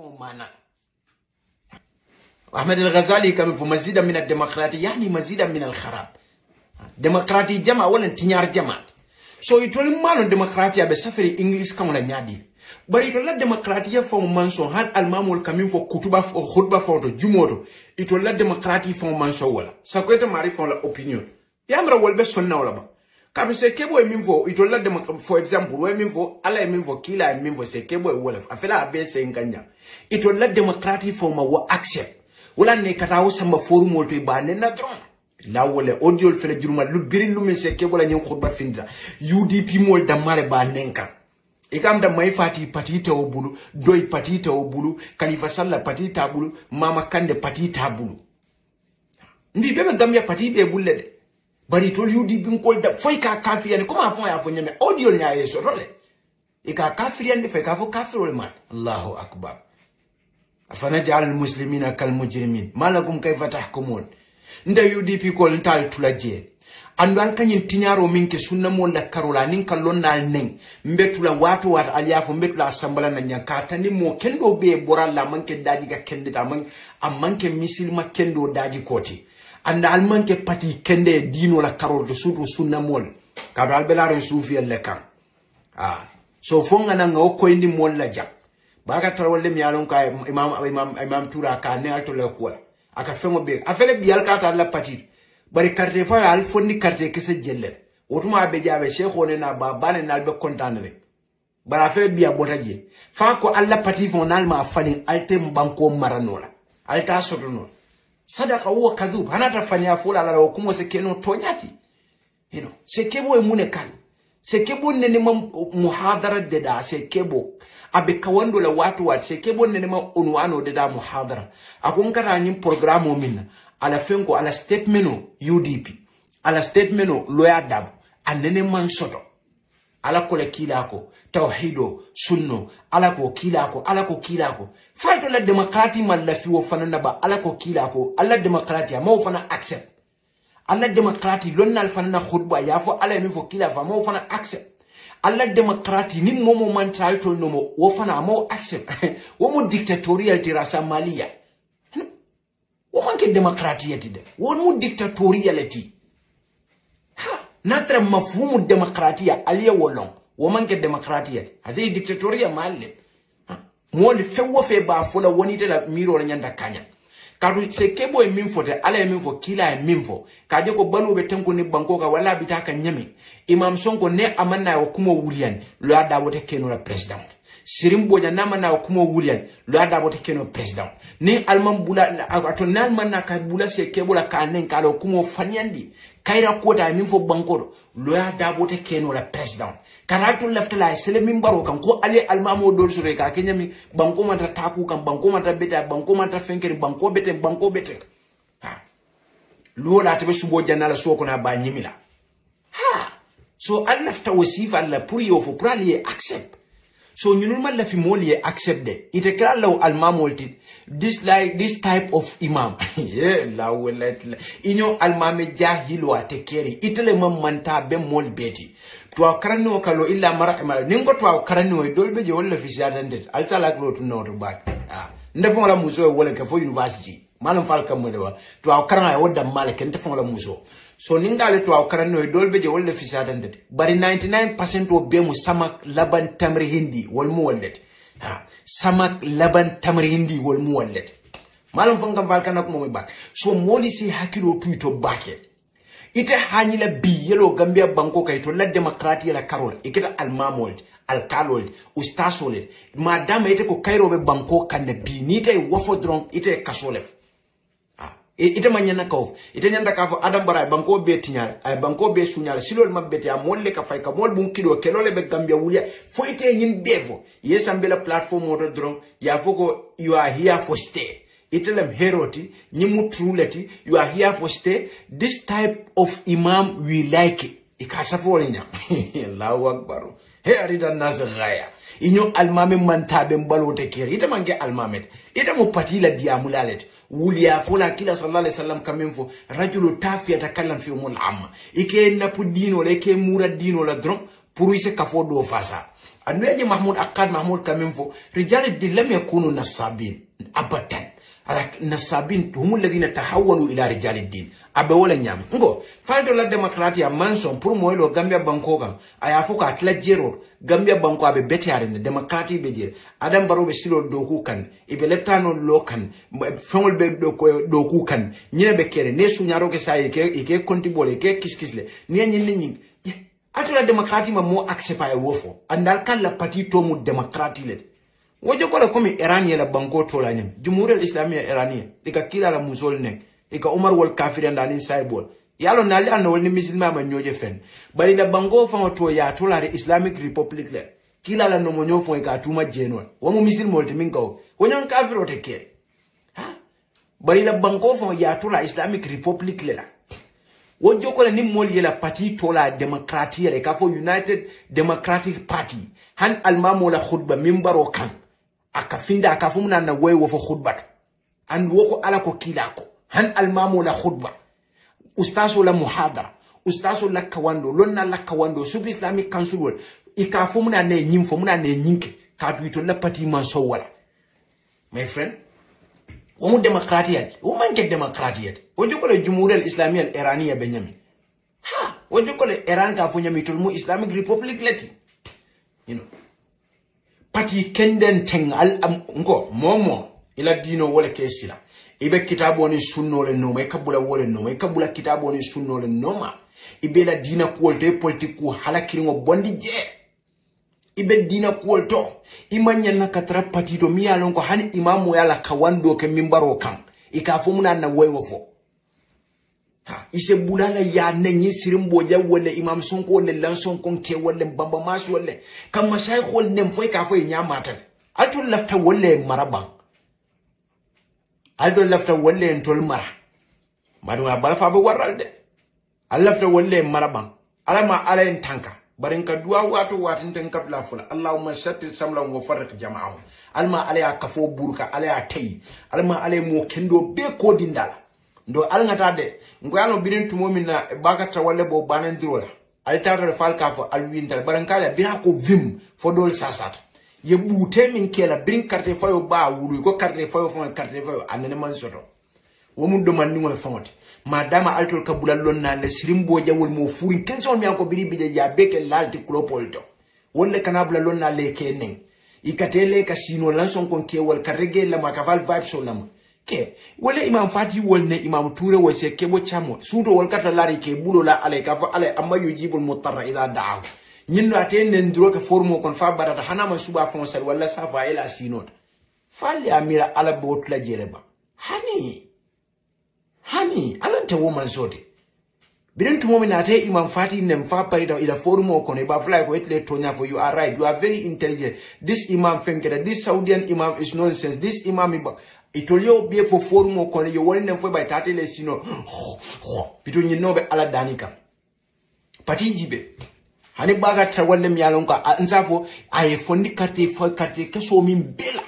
mfumana ahmed al-ghazali kam fu mazida min ad-demokrati yani mazida min al-kharab demokrati jama wala tinyar jama so itol malo demokrati abe safari english kam la nyadi bari itol la demokrati ya fo manso han al-mamul kamin fo kutuba fo khutba fo to jumoto itol la demokrati fo manso wala sakwete mari fo la opinion yamra walbe sonna wala ba kami sekebo e minfo itola dem for example we minfo ala e minfo kila e minfo sekebo e wala afela abe se nganya itola democratic form wa accept wala ne kata o samba forum wolto e bane na tron la wala audio fele juruma lu biri lu min sekebo la nyen khutba findra udp mol damare ba nenka ikamda maifati patita obulu doi patita obulu kalifa salla patita bulu mama kande patita bulu ndi bebe gambia patita e bulle de bari tol yudi binkol da foi ka kafiriyandi comme a fon ya fo ñame audio ña ye sotole i ka kafiriyandi fo i ka fo kafirol ma allahu akbar afana jaal almuslimina kalmujrimin ma lakum kayfa tahkumun nda udp kol ntaali tula jee andu an kañin tiñaro min ke karola nin ka lonnal nen mbetula wato wata aliya mbetula a na ñan ka mo kendo be boralla manke daji ga kendita man a manke misilma kendo daji koti anda almanke pati kende dino la karol sudu sunna mol kado albelaren sufiyel le kan a ah. so fo gananga wo koyndi mol la jang baka tara mi yalon ka imam imam imam tura ka ne alto la kuwa aka fengo be afele bi alka ta la patit bari carte fa al fondi carte ke se jelle wotuma be jabe sheikh one na babane na be kontanre bara afele bi abota je fa ko alla pati fo fani alte mbanko maranola alta sotono sadaka huwa kadhub hanata fanya fula ala hukumu sekeno tonyaki you know sekebo emune kali sekebo nenema muhadara deda sekebo abe kawando la watu wa sekebo nenema unwano deda muhadara akunkara nyim programu minna ala fengo ala statemento UDP ala statemento loya dab anene man soto ala ko le kiilako tawhido sunno ala ko kiilako ala ko la démocratie ma lafiwo fana naba ala ko kiilako alla démocratie fana accept alla démocratie lonnal fana na khutba ya fo ala min fo kiila fa fana accept alla démocratie nin momo mantaytol nomo wo fana a mawo accept womo dictatorial ti rasa maliya hm? womanke démocratie ti de wonmo dictatorial ti natra mafumu demokratia aliye wolon womanke demokratia ate diktatoria malle moolu fewo fe ba fola wonite la miro la nyanda kanya kadu se kebo e min fote ala e min kila e min fo kaje ko balu be tenko ni banko ka wala bitaka nyami imam sonko ne amanna ko kuma wuliyan lo ada wote keno la president sirim boja nama na kumo wulian la da bote keno president ni alman bula ato nalman na ka bula se ke bula ka nen ka lo kumo fanyandi kaira ko da min fo banko lo ya da bote keno la president karatu left la sele min baro kan ko ale almamo dol sore ka kenya mi banko mata taku kan banko mata beta banko mata fenkeri banko beten banko beten ha lo la tabe subo janala so ko na ba nyimila ha so allah wasifa la pour yo fo pour aller accept so ñun ma la fi ye ye de ite kala law almamol tit this like this type of imam yeah la wala iño almame jahilu ate keri itele mam manta be mol beti to akarani okalo illa marahima ningo to akarani o dolbe je wala fi siatandet la klo to not back ah ndefon la muso wala ka fo university malam fal kam mo dewa to akarani o dam malake ndefon la muso so ni ngale to aw karanno e dolbe je wolle fisadande de bari 99% o be mu samak laban tamri hindi wol mu wallete ha samak laban tamri hindi wol mu wallete malum fon kam wal kanak momi bak so moli si hakilo tuy bake ite hanyila bi yelo gambia banko kay to la demokrati la karol ikita almamol alkalol ustasol madama ite ko kayrobe banko kande bi ni tay wofo dron ite kasolef ite manyana kaw ite nyanda kaw adam bara banko be tinyal ay banko be sunyal silol mabbe te amol le ka fay ka mol bun kido kelole be gambia wulia fo ite nyim bevo yesam bela platform moto dron ya foko you are here for stay ite lem heroti nyimu truleti you are here for stay this type of imam we like it fo linya allahu akbar he arida nas inyo almame mantabe mbalote kere ite mange almame ite mo pati la diamulalet wuliya fola kila sallallahu alaihi wasallam kamem rajulu tafi atakallam fi umul amma ike napu dino la ike mura dino la dron puru ise kafo do fasa anweje mahmud akkad mahmud kamem rijali rijalid lam yakunu nasabin abadan arak nasabin tuhum alladhina tahawwalu ila rijali din abe wala nyam ngo falto la demokratia manson pour moy lo gambia banko gam aya foko atla jero gambia banko abe betiare ne demokrati be jere adam baro be silo doku kan ibe letano lo kan fongol be doko doku kan nyine be kere ne su nyaro ke saye ke ke kontibole ke kiskisle ne nyine nying atla demokrati ma mo accept ay wofo andal kan la parti tomu demokrati le kwa kumi komi ya la banko tolañam jumhuria l islamia irania ika la muzol nek ika umar wal wol kafiriandanin saybol yalo nali ana wal ni misilma ma ñoje fen bari la banko faŋo tuwa ya tola re islamic republic le kilala nomo ño faŋo ika atuma jenwa. Wamu misilmol ti min Wanyo woñon kafiro te kere bari la banko faŋo ya tola islamic republic le la wo jokola ni moolu ya la pati tola demokrati ya le Kafo united democratic party han almamo la khutba mimbaro kanga akafinda akafumna na wewe wofo khutba and woko ala ko kilako han almamu la khutba ustazo la muhadara ustazo la kawando lonna la kawando sub islamic council wol ikafumna ne nyimfo muna ne nyinke kadu ito la pati man so wala my friend womu demokratiyat womanke demokratiyat wojokole jumuria al islamia al irania ha ñami ha wojokole iran ka fo ñami mu islamic republic leti you know pati kenden teng al am ngo momo ila dino wala kesila ibe kitabu ni sunno le noma ikabula e wala noma ikabula e kitabu ni sunno le noma ibe la dina kuolte politiku halakiringo bondi je ibe dina kuolto imanya na katara pati do mi alonko hani imamu yala kawando ke mimbaro kan ikafumuna na wewo fo ha ise bulala ya nan yin sirin boje wala imam sun ko wala lan sun kon ke wala bamba mas wala kan mashaykh wala nem foi ka foi nyama tan atul lafta wala maraba aldo lafta wala en tol mara madu ba fa ba waral de al lafta wala maraba alama ala en tanka barin ka duwa wato watin tan kafla fula allahumma shattir samlan wa farriq jama'ahum alma ala ya kafo burka ala ya tai alma ala mo kendo be ko dindala ndo al ngata de ngoyano birin tumo min na baga ta bo banan diroya al tata fal ka fo al wintal barankala bira ko vim fo dol sasata ye bute min kela birin carte fayo ba wulu ko carte fayo fo carte fayo anene man soto wo mun do man ni ngol fonti madama altol kabula lonna le sirimbo jawol mo furin kenso mi ko biri bije ya beke lalti klopolto wolle kanabula lonna le kenen ikatele kasino lanson kon kewol karege la makafal vibes olama ke wala imam fati wol ne imam toure wo se ke bo chamo sudo wol kata lari ke bulo la alay ka fa alay amma yujibul mutarra idha da'ahu nyinno aten nen dro ke formo kon fa barata hana ma suba fon sal wala sa fa ila sinot falli amira ala botla jereba hani hani alante woman sode Bidin tumo minate imam fati nem fa parida ida forum o kono ba fly ko etle tonya for you are right you are very intelligent this imam fenkeda this saudian imam is nonsense this imam iba itolio bie for forum o kono yo woni by tate le sino bitu nyi ala danika pati jibe hani baga tawallem yalon ko ansafo ay e fondi carte keso min bela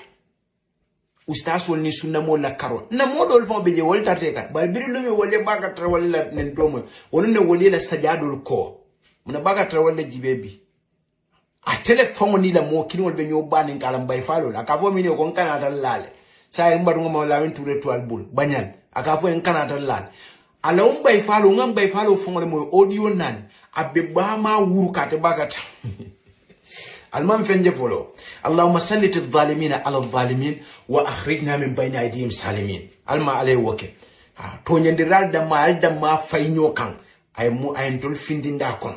ustasol ni sunnamol la karo namoɗol faw ɓe je wol tarte kat bara biri lumi wolle bakatra walla nen tomoy wonone wolela sajadol ko mona bakatra walla jibe bi a tele faŋo ni la moo kiliŋol be ñoo baanin ka a lan bayi ka fo min ye ko n kanatan laale saa n baruŋo ma laamin tuure tuwal bul bañal a fo ye n kanatan laale a la n bayi faalo n ka n mo audio naani a be baamaa wuru ka a te bakata المهم فين ديفولو اللهم سلط الظالمين على الظالمين واخرجنا من بين ايديهم سالمين الما عليه وكي آه، تونيندرال دما دما فاينو كان اي مو اين تول فينديندا كون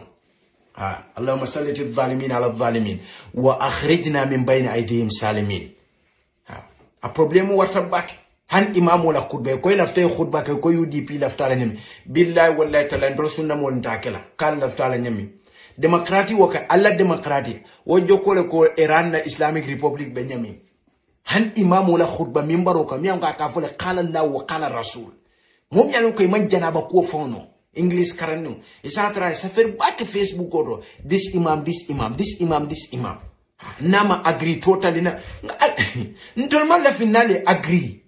آه، اللهم سلط الظالمين على الظالمين واخرجنا من بين ايديهم سالمين ها آه، البروبليم ورتباك han imamu la khutba ko lafta khutba ko UDP lafta la nyami billahi wallahi taala ndol sunna mo ntakela kan lafta la nyami demokrati waka alla demokrati wo jokkole ko iran na islamic republic Benjamin han imamu la khutba mimbaro ka miyam ka ka fole qala allah wa qala rasul mom ñanu koy man janaba ko fono english karanu isa tra sa fer back facebook do this imam this imam this imam this imam nama agri totally na ntol ma la finale agri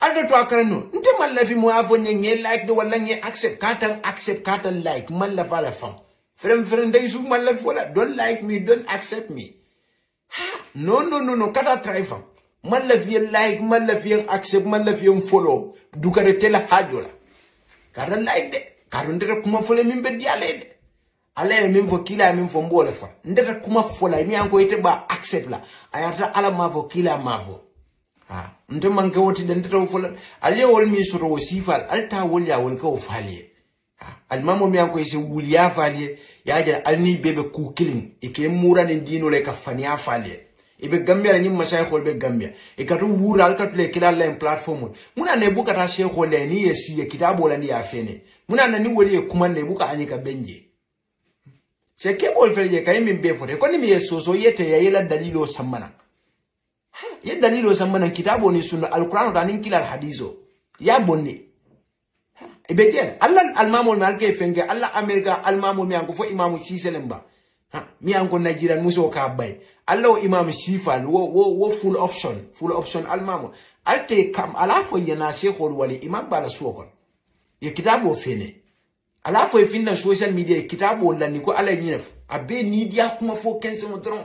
alda to akarano nte mallafi mu afo nye like do wala nye accept katan accept katan like mallafa la fam Frem frem ndai suf man life wala. Don't like me, don't accept me. Ha, no no no kata try fam. Man like, man life accept, man life follow. Dukare tela hajola. Kara like de. Kara ndere kuma fole mimbe di ale de. Ale min fo kila min fo mbole fa. Ndere kuma fola mi anko ite ba accept la. Ayata ala mavo kila mavo. Ha, nte manke woti de ndere fola. Ale wol mi soro sifal. Alta wol ya wol ka ofaliye almamo mi anko ese wuliya faaliye yajana alni be ku kilin e ke muranin dino le ka faniya faaliye e be gambia ni mashayikhol be gambia e katu wura al katule kila la platform muna ne buka ta shekho le ni yesi ya kitabo la ni ya fene muna na ni wori e kuma ne buka anyika benje se ke bol fere je kay min be fode ko ni mi yeso so yete ya yela dalilo sammana ye dalilo sammana kitabo ni sunna alquran da nin kila hadizo ya bonne ibetiel Allah almamol mi alke fenge Allah america almamol mi anko fo imamu siselemba ha mi anko najira muso ka bay alla imam sifal wo wo, wo full option full option almamol alte kam ala fo yena sheikhol wali imam bala suwakon ye kitabo fene ala fo e finna social media e kitabo ko ala nyinef abe ni dia kuma fo 15 mo dron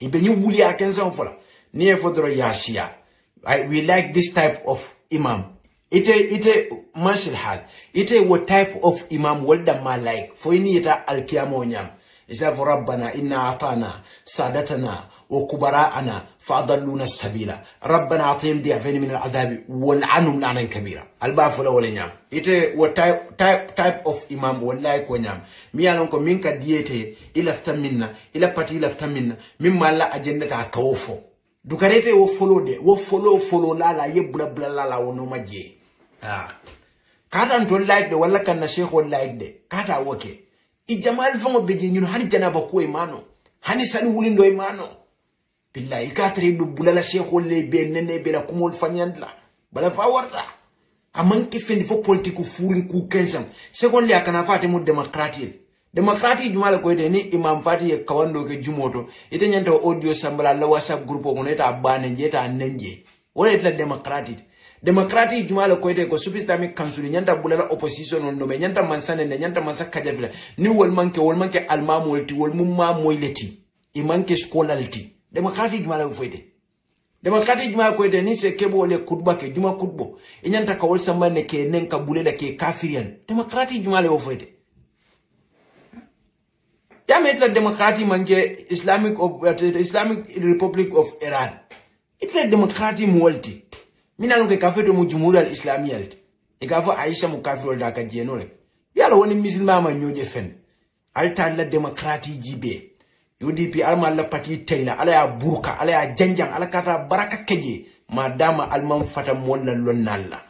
e wuli a 15 fo la ni fo dro yashia I, we like this type of imam ite ite mashil hal ite wo type of imam walda malaik fo ini ita alkiyamo nyam isafu rabbana inna atana sadatana wa kubara'ana fadalluna sabila rabbana atihim di'fain min al'adhabi wal'anhum la'nan kabira albafula wala nyam ite wo type type type of imam wallahi ko nyam mi yanon ko diete ila staminna ila pati ila staminna mimma la agenda ta dukarete wo follow de wo follow follow la la yebla bla la la wono maje ha ah. kata ntol like de wala kana sheikh wala like de kata woke ijamal fango beje nyuno hani janaba ko imano hani sani wulindo imano billahi katri be bulala sheikh wala be nene be la kumol fanyandla bala fa warta amanke fendi fo politique furin ku kensam second le kana fate mo democratie demokrati jumala ko ite ni imam fati ye kawando ke jumoto ite nyanta audio sambala la whatsapp group ko ne ta bane je ta nenje wala ite la demokrati demokrati juma la koyde ko supi islamic council nyanda bulala opposition non do nyanda mansane ne nyanda mansa kajavila ni wol manke wol manke almamu wolti wol mumma moyleti i manke skolalti demokrati juma la foyde demokrati juma ko de ni se kebo le kutba ke juma kutbo inyanta ka wol samane ke nen bulela ke kafirian demokrati juma le ofede ya metla demokrati manje islamic of, islamic republic of iran itle demokrati mwalti mina lonke kafe to mu jumhuri al islamia lete e gafo aisha mu kafirol da ka jeno le woni muslima ma nyoje fen alta la demokrati jibe UDP alma la pati tayla ala ya burka ala ya janjang ala kata baraka keje madama alman fata molla lonnalla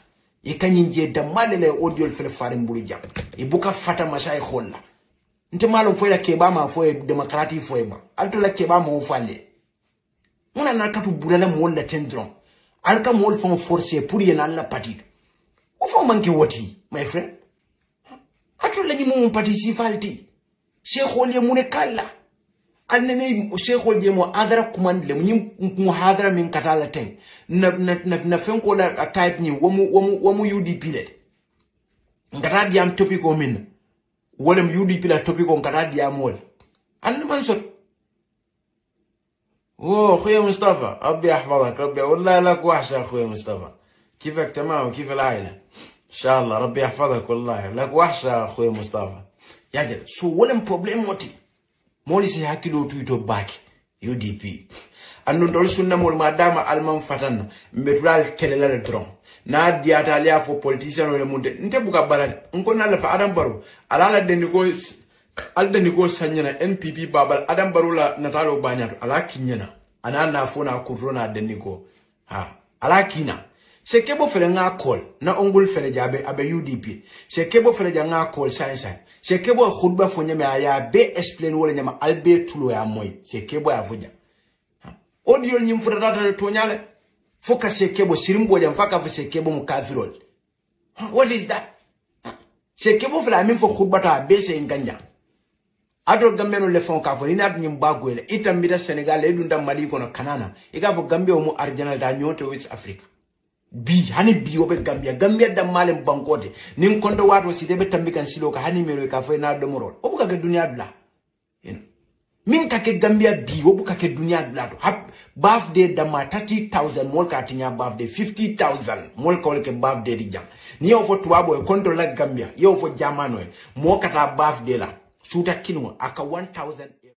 e kanyin je damale le audio fel fare mburu jang e buka fata mashay kholla nte malum foya ke ma foya demokrati foya ba alto la ke mo falle muna na katu burala molla tendron alka mol fon forcé pour yena la patit o fon manki woti my friend hatu lañi mum pati si falti sheikh wol yemune kala annene sheikh wol yemo adara kuman le mu mu hadra min katala tay na na na, na fen ko la type ni wamu wamu wamu udp le ngata diam topic min wolam udp la topic ngata diam wol an man sot اوه اخويا مصطفى ربي يحفظك ربي والله لك وحشه اخويا مصطفى كيفك تمام كيف العائله ان شاء الله ربي يحفظك والله لك وحشه اخويا مصطفى يا جد سو ولم بروبليم موتي مولي سي هاكي لو تو تو باك يو دي بي ان dol سنه مول madama alman fatan mbetulal kelela le dron na diata lia fo politicien le munde nte buka balade nko na le fa adam baro ala la alde ni go sanyana npp babal adam barula natalo banyato ala kinyana ana na fona kurona de ni go ha ala kina se kebo fere nga kol na ongul fere jabe abe udp se kebo fere ja nga call sai sai kebo khutba fo nyame aya be explain wala nyama albe tulo ya moy se kebo ya vuja audio nyim fura data to nyale foka kebo sirimbo ja mfaka fo kebo mukafirol what is that se kebo fere amin fo khutba ta be se nganja ato gambiano le fon k'a fɔ ni n'a tun ye n senegal i dun mali kɔnɔ kana na i k'a fɔ gambia mu arjana da ɲɔgɔn west africa bi hani bi o gambia gambia da malen banko ni n kɔntɔ waati si de bɛ hani mero k'a fɔ i n'a dɔmɔrɔ o bɛ min ka gambia bi o bɛ ka kɛ duniya bila da ma thirty thousand k'a ti ɲa birthday fifty ka wale kɛ birthday de n'i y'o fɔ tubabu ye kɔntɔ la gambia i y'o fɔ jamano ye mɔɔ ka taa la Suda Kinwa aka 1000